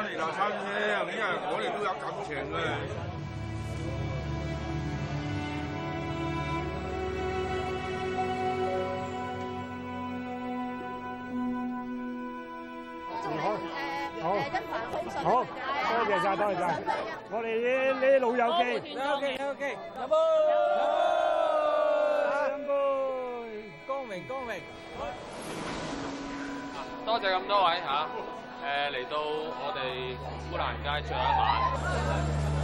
我哋架山車，因為我哋都有感情啊！好，好，多謝晒，多謝晒，我哋呢呢老友記，老友記，老友記，乾杯，乾杯，光榮光榮，多謝咁多位吓。誒，嚟到我哋烏蘭街最後一晚。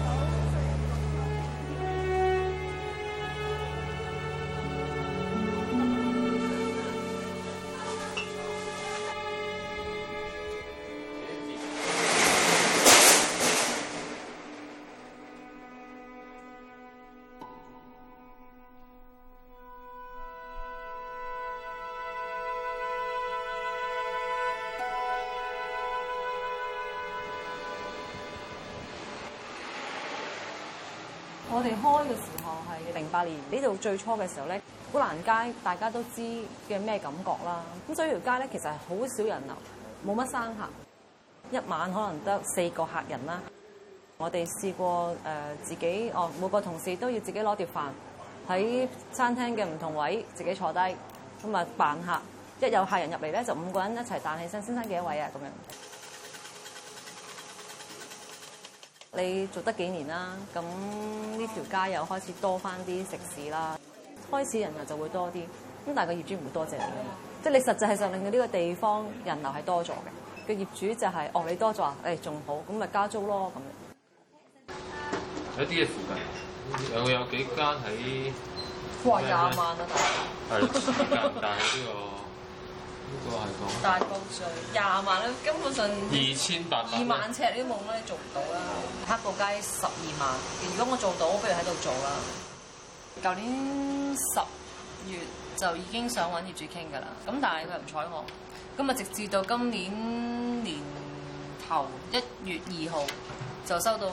開嘅時候係零八年，呢度最初嘅時候咧，古蘭街大家都知嘅咩感覺啦。咁所以條街咧其實係好少人流，冇乜生客，一晚可能得四個客人啦。我哋試過誒自己哦，每個同事都要自己攞碟飯喺餐廳嘅唔同位自己坐低，咁啊扮客。一有客人入嚟咧，就五個人一齊彈起身，先生幾多位啊？咁樣。你做得幾年啦？咁呢條街又開始多翻啲食肆啦，開始人流就會多啲。咁但係個業主唔會多謝你嘛，即係你實際上令到呢個地方人流係多咗嘅。個業主就係、是、哦，你多咗、哎、啊，誒仲好，咁咪加租咯咁樣。喺啲嘢附近，有有幾間喺，哇廿萬啦，大佬，係，但係呢個。那個、個大高稅廿萬啦，根本上二千八，二萬尺你都冇咩做唔到啦、啊。黑布街十二萬，如果我做到，不如喺度做啦。舊年十月就已經想揾業主傾㗎啦，咁但係佢又唔睬我，咁啊直至到今年年頭一月二號就收到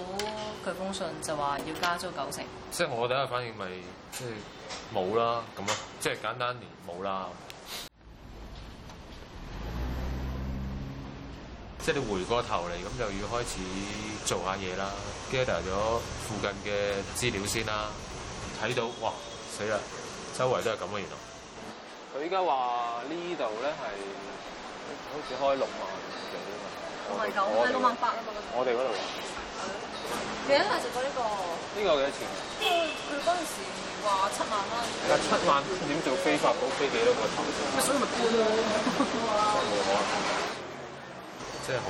佢封信，就話要加租九成。即係我第一反應咪即係冇啦，咁咯，即係簡單啲冇啦。即係你回過頭嚟咁就要開始做下嘢啦，gather 咗附近嘅資料先啦，睇到哇，死啦，周圍都係咁嘅，原來他現在說這裡是。佢依家話呢度咧係，好似開六萬幾啊。唔係九，係六萬八啊嘛。我哋嗰度。你一陣食過呢個？呢、呢個幾多錢？佢嗰陣時話七萬蚊。啊，七萬？點做非法保飛幾多個頭先？所以咪跌咯。 即係好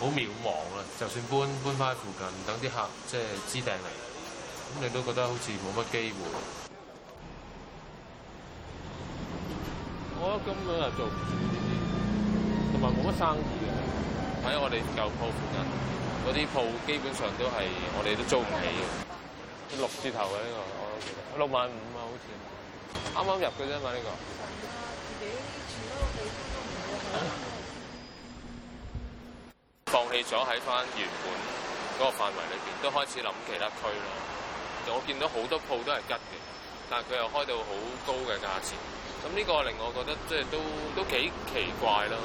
好渺茫啊！就算搬搬翻喺附近，等啲客即係知訂嚟，咁你都覺得好似冇乜機會。我根本就做唔住呢啲，同埋冇乜生意嘅。喺我哋舊鋪附近嗰啲鋪，基本上都係我哋都租唔起嘅， 六字頭嘅呢個，我都記得六萬五啊，好似啱啱入嘅啫嘛，呢個。 放棄咗喺翻原本嗰個範圍裏面，都開始諗其他區咯。我見到好多鋪都係吉嘅，但係佢又開到好高嘅價錢，咁呢個令我覺得即係都都幾奇怪咯。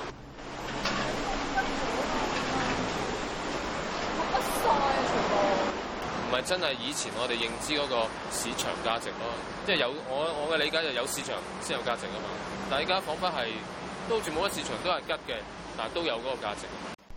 唔 係真係以前我哋認知嗰個市場價值咯，即係有我我嘅理解就有市場先有價值啊嘛。但係而家仿佛係都好似冇乜市場，都係吉嘅，但係都有嗰個價值。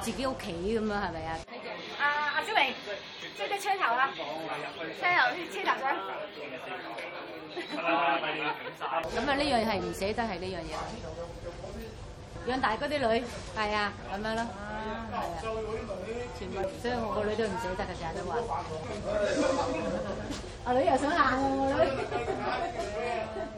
自己屋企咁樣係咪啊？阿阿小明，即即車頭啦，車頭車頭上。咁啊，呢樣係唔捨得，係呢樣嘢。養大嗰啲女，係啊，咁樣咯。係啊，全部所以我個女都唔捨得嘅，成日都話。阿女又想喊我女。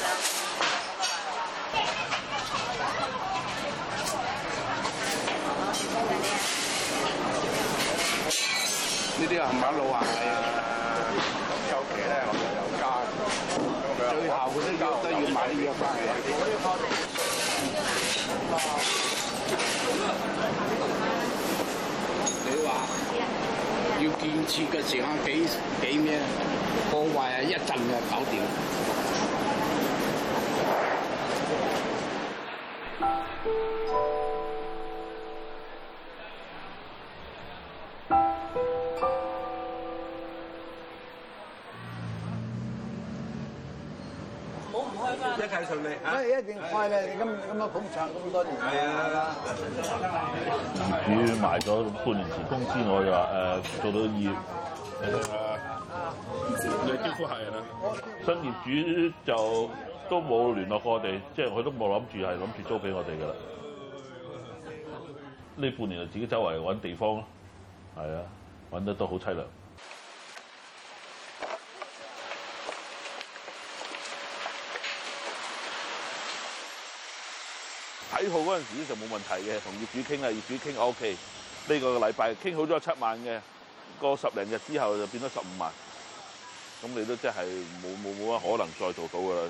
啲啊行一路啊，到期咧我就有加，最後啲都都要買啲嘢翻嚟。你話要建設嘅時間幾幾咩？破壞一陣就搞掂。一定快啦！你咁咁嘅捧場咁多年，係啊！業主賣咗半年前工，通知我就話誒、呃、做到業、啊啊，啊，你招呼客人啦。新業主就都冇聯絡過我哋，即係佢都冇諗住係諗住租俾我哋㗎啦。呢半年就自己周圍揾地方咯，係啊，揾得都好淒涼。幾號嗰陣時就冇問題嘅，同業主傾啦，業主傾 OK。呢個禮拜傾好咗七萬嘅，過十零日之後就變咗十五萬。咁你都真係冇冇冇乜可能再做到㗎啦。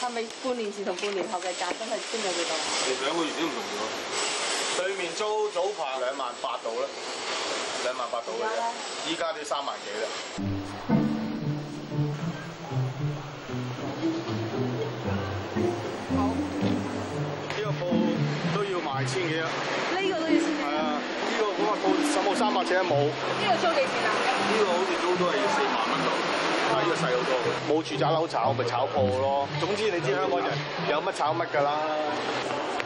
係咪半年前同半年後嘅價真係邊度幾多？你兩個月都唔同咗。對面租早排兩萬八到啦，兩萬八到啦，依家都三萬幾啦。千幾啊？呢、這個都要千幾？係啊，呢、這個咁，個鋪十鋪三百尺冇。呢、這個租幾錢啊？呢、這個好似租都係四萬蚊度。但係要細好多。冇住宅樓炒，咪炒鋪咯。總之你知香港人有乜炒乜㗎啦。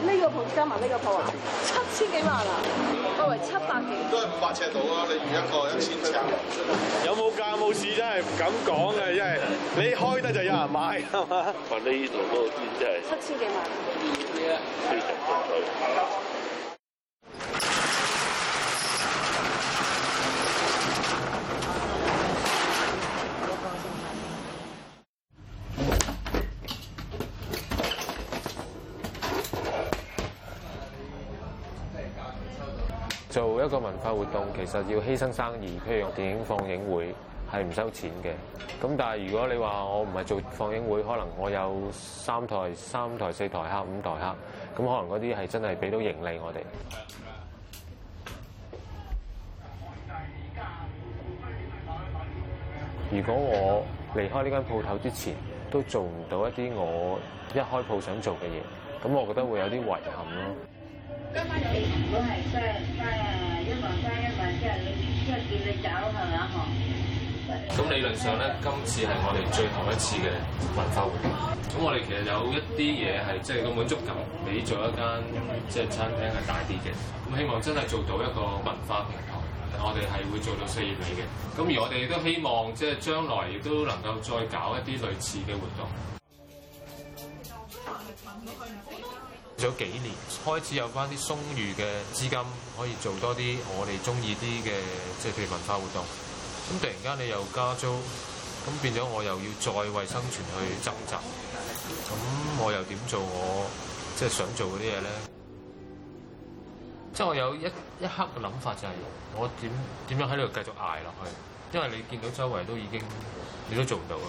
呢、這個鋪加埋呢個鋪，七千幾萬啊，我係七百幾，都係五百尺度啊！你預一個一千尺，有冇價冇市啫，唔敢講嘅真係，你開得就有人買，係、嗯、嘛？哇、 啊！呢度嗰個天真係七千幾萬。一個文化活動其實要犧牲生意，譬如用電影放映會係唔收錢嘅。咁但係如果你話我唔係做放映會，可能我有三台、三台、四台客、五台客，咁可能嗰啲係真係俾到盈利我哋。如果我離開呢間鋪頭之前，都做唔到一啲我一開鋪想做嘅嘢，咁我覺得會有啲遺憾咯。今晚有啲如果係即係。搞係咪啊？咁理論上咧，今次係我哋最後一次嘅文化活動。咁我哋其實有一啲嘢係即係個滿足感，畀咗一間即係餐廳係大啲嘅。咁希望真係做到一個文化平台，我哋係會做到四美嘅。咁而我哋都希望即係將來亦都能夠再搞一啲類似嘅活動。咗幾年，開始有翻啲鬆裕嘅資金，可以做多啲我哋中意啲嘅，即係譬如文化活動。咁突然間你又加租，咁變咗我又要再為生存去掙扎。咁我又點做？我即係想做嗰啲嘢咧。即係我有一一刻嘅諗法就係：我點點樣喺度繼續捱落去？因為你見到周圍都已經你都做唔到啊。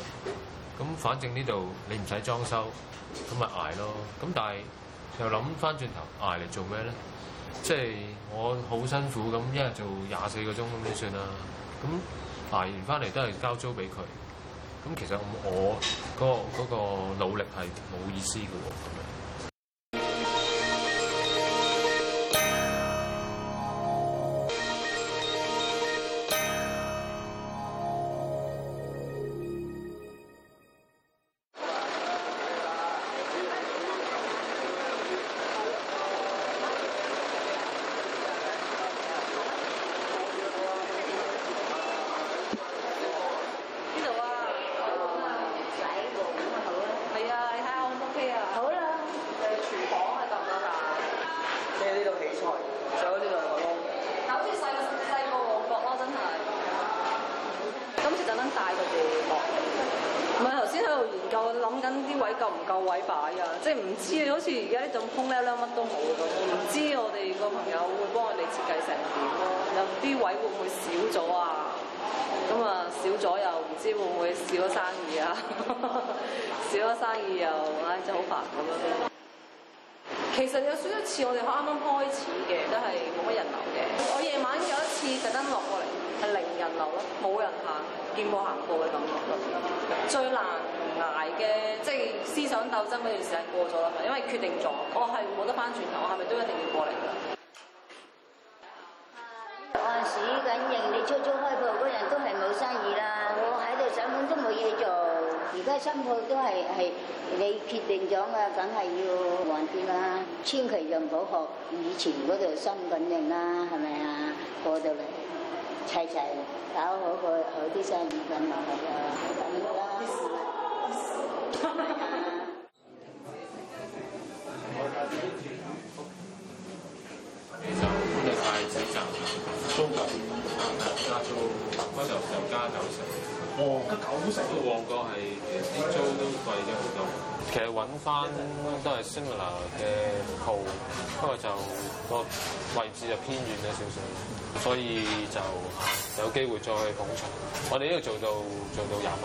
咁反正呢度你唔使裝修，咁咪捱咯。咁但係。又諗翻轉頭，捱、啊、嚟做咩咧？即係我好辛苦咁，一日做廿四個鐘咁點算啦。咁捱、啊、完翻嚟都係交租俾佢，咁其實我嗰、個嗰、個、努力係冇意思㗎喎。啲位夠唔夠位擺啊？即係唔知，好似而家呢種空曬曬乜都冇咁，唔知我哋個朋友會幫我哋設計成點咯？有啲位會唔會少咗啊？咁啊少咗又唔知會唔會少咗生意啊？ 少咗生意又唉， 真係好煩咁樣。 其實有少一次我哋啱啱開始嘅都係冇乜人流嘅。我夜晚有一次特登落過嚟係零人流咯，冇人行，見過行過嘅感覺。最難。捱嘅，即係思想鬥爭嗰段時間過咗啦，因為決定咗，我係冇得返轉頭，我係咪都一定要過嚟㗎？按市緊營，你初初開鋪嗰陣都係冇生意啦，我喺度省本都冇嘢做，而家新鋪都係係你決定咗㗎，梗係要玩啲啦，千祈就唔好學以前嗰度新緊營啦，係咪啊？過到嚟齊齊搞好佢，好啲生意緊係啊，好緊要啦。就快啲賺，租緊加租，嗰時候又加九成。哦，加九成。旺角係啲租都貴咗好多。其實揾翻都係 similar 嘅鋪，不過就個位置就偏遠咗少少，所以就有機會再去捧場。我哋呢度做到做到廿萬。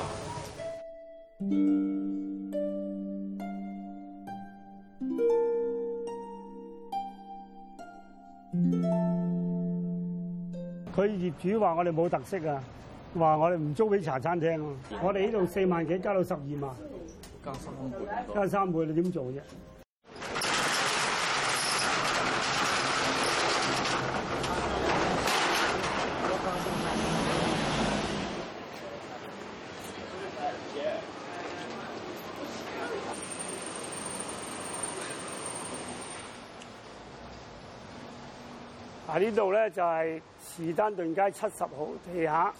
佢業主話：我哋冇特色啊，話我哋唔租俾茶餐廳咯、啊。我哋呢度四萬幾，加到十二萬，加三倍，加三倍，你點做啫？嗱、啊、呢度咧就係、是、士丹頓街七十號地下，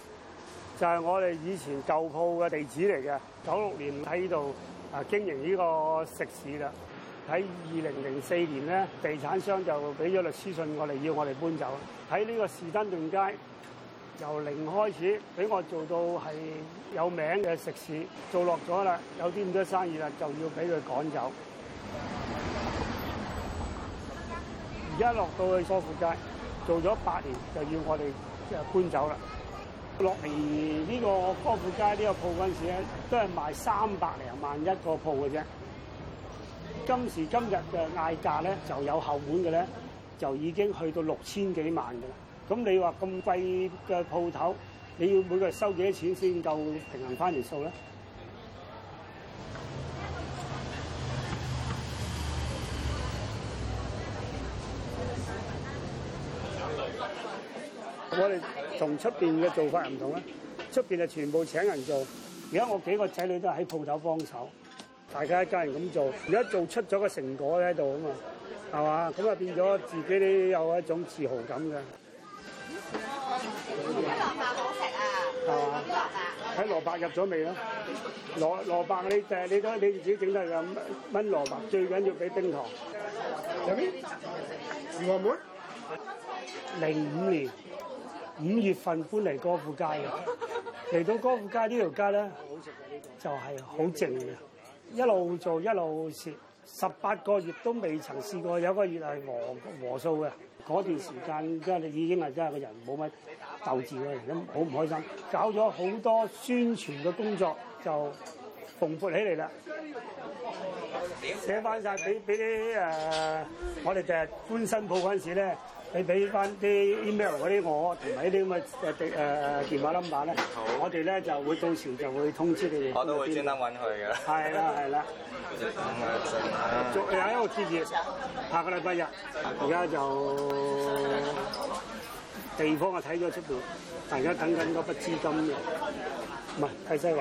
就係、是、我哋以前舊鋪嘅地址嚟嘅。九六年喺呢度啊經營呢個食肆啦。喺二零零四年咧，地產商就俾咗律師信我哋，要我哋搬走。喺呢個士丹頓街由零開始，俾我做到係有名嘅食肆，做落咗啦，有啲咁多生意啦，就要俾佢趕走。而家落到去梳士街。做咗八年就要我哋搬走啦。落嚟呢個科復街呢個鋪嗰陣時咧，都係賣三百零萬一個鋪嘅啫。今時今日嘅嗌價咧就有後門嘅咧，就已經去到六千幾萬嘅啦。咁你話咁貴嘅鋪頭，你要每個月收幾多錢先夠平衡翻條數咧？我哋同出邊嘅做法又唔同啦，出邊啊全部請人做，而家我幾個仔女都喺鋪頭幫手，大家一家人咁做，而家做出咗個成果喺度啊嘛，係嘛？咁啊變咗自己咧有一種自豪感嘅。蘿蔔好食啊！係嘛？睇蘿蔔入咗味咯？蘿蘿蔔你誒你都你自己整得㗎，燜蘿蔔最緊要俾冰糖。有咩？我妹？零五年。五月份搬嚟歌賦街嘅，嚟到歌賦街呢條街咧，就係好靜嘅，一路做一路蝕，十八個月都未曾試過有個月係和數嘅，嗰段時間真係已經係真係個人冇乜鬥志，而家好唔開心。搞咗好多宣傳嘅工作就蓬勃起嚟啦，寫翻晒俾俾啲誒，我哋日日搬新鋪嗰陣時咧。你俾翻啲 email 嗰啲我，同埋呢啲咁嘅誒誒電話 number 咧，我哋咧就會到時就會通知你哋。我都會專登揾佢嘅。係啦係啦。仲有一個節日，下個禮拜日，而家就、嗯、地方我睇咗出面、嗯，大家等緊嗰筆資金嘅。唔、嗯、係，喺西環。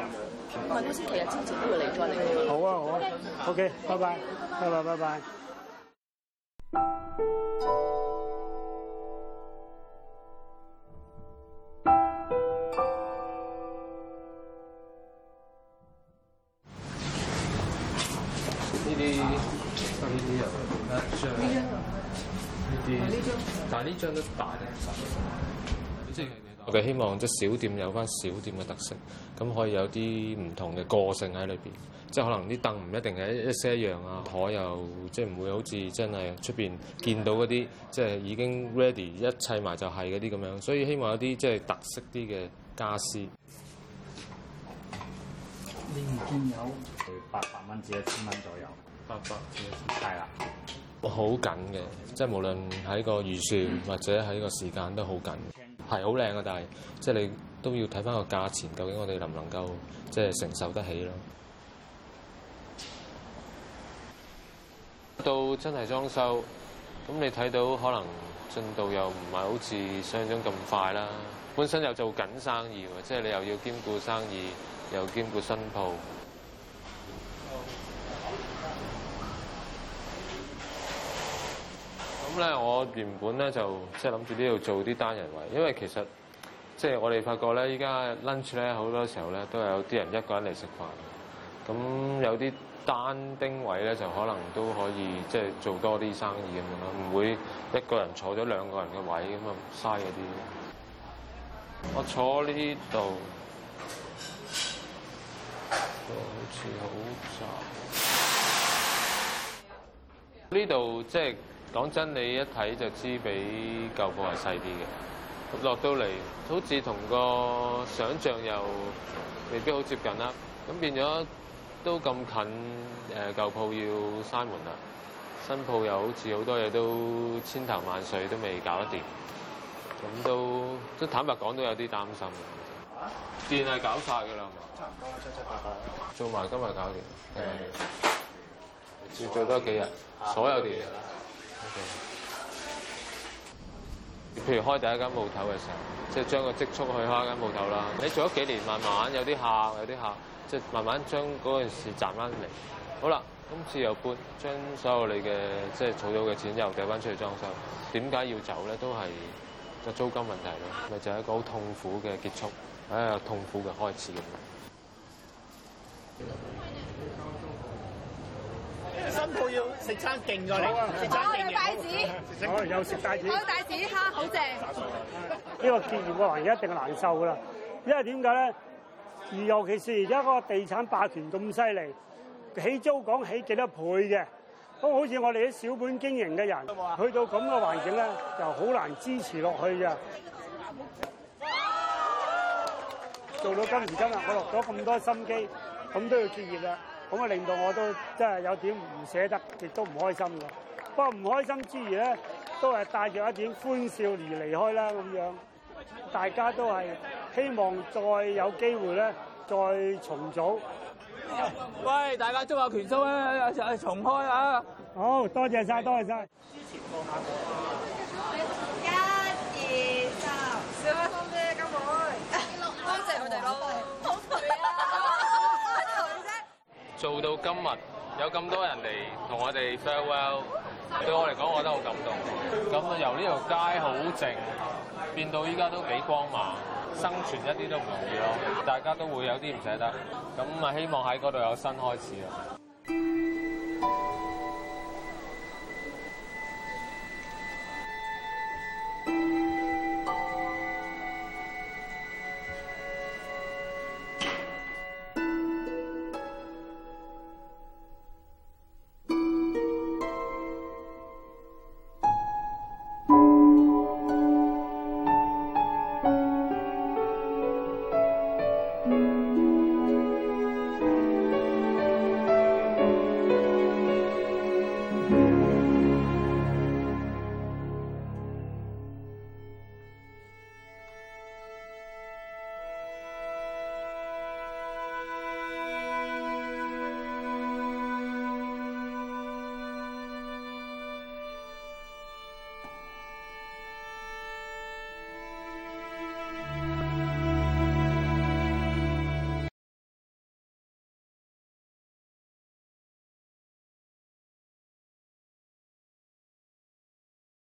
唔係，星期日之前都會嚟，我哋。好啊好啊、嗯、，OK，拜拜，拜拜拜拜。拜拜拜拜呢張，但係呢張都大嘅。即係我哋希望即係小店有翻小店嘅特色，咁可以有啲唔同嘅個性喺裏邊。即係可能啲凳唔一定係一一些一樣啊，可又即係唔會好似真係出邊見到嗰啲即係已經 ready 一砌埋就係嗰啲咁樣。所以希望有啲即係特色啲嘅家私。你唔見有八百蚊至一千蚊左右。係、啊、啦，好緊嘅，即係無論喺個預算、嗯、或者喺個時間都好緊。係好靚啊，但係即係你都要睇返個價錢，究竟我哋能唔能夠即係承受得起咯？到真係裝修，咁你睇到可能進度又唔係好似想像中咁快啦。本身又做緊生意嘅，即係你又要兼顧生意，又兼顧新鋪。咧，我原本咧就即係諗住呢度做啲單人位，因為其實即係我哋發覺咧，依家 lunch 咧好多時候咧都有啲人一個人嚟食飯，咁有啲單丁位咧就可能都可以即係做多啲生意咁樣，唔會一個人坐咗兩個人嘅位咁啊，嘥嗰啲。我坐呢度好似好雜，呢度即係。講真，你一睇就知比舊鋪係細啲嘅。落到嚟，好似同個想像又未必好接近啦。咁變咗都咁近，誒舊鋪要閂門啦，新鋪又好似好多嘢都千頭萬緒，都未搞得掂。咁都即坦白講，都有啲擔心。電係搞晒㗎啦，差唔多，嗯，七七八八，做埋今日搞掂，要做多幾日，所有嘅嘢。Okay. 譬如開第一間鋪頭嘅時候，即係將個積蓄去開一間鋪頭啦。你做咗幾年，慢慢有啲客，有啲客，即係慢慢將嗰件事賺翻嚟。好啦，今次又搬，將所有你嘅即係儲到嘅錢又掉翻出去裝修。點解要走咧？都係個租金問題咯。咪就係一個好痛苦嘅結束，唉，痛苦嘅開始。新鋪要食餐勁在、啊啊、你食勁、啊，食餐有帶子，食餐有食帶子，有帶子蝦好正。呢、呢個結業嘅環境一定難受噶啦，因為點解咧？而尤其是而家嗰個地產霸權咁犀利，起租講起幾多倍嘅，咁好似我哋啲小本經營嘅人，去到咁嘅環境咧，就好難支持落去嘅。做到今時今日，我落咗咁多心機，咁都要結業啦。咁啊，令到我都真係有點唔捨得，亦都唔開心㗎。不過唔開心之餘咧，都係帶住一點歡笑而離，離開啦咁樣。大家都係希望再有機會咧，再重組。喂，大家祝下拳叔咧重開啊！好多謝晒，多謝晒。做到今日有咁多人嚟同我哋 farewell，對我嚟講，我覺得好感動。咁啊，由呢條街好靜變到依家都幾光猛，生存一啲都唔容易咯。大家都會有啲唔捨得，咁啊，希望喺嗰度有新開始。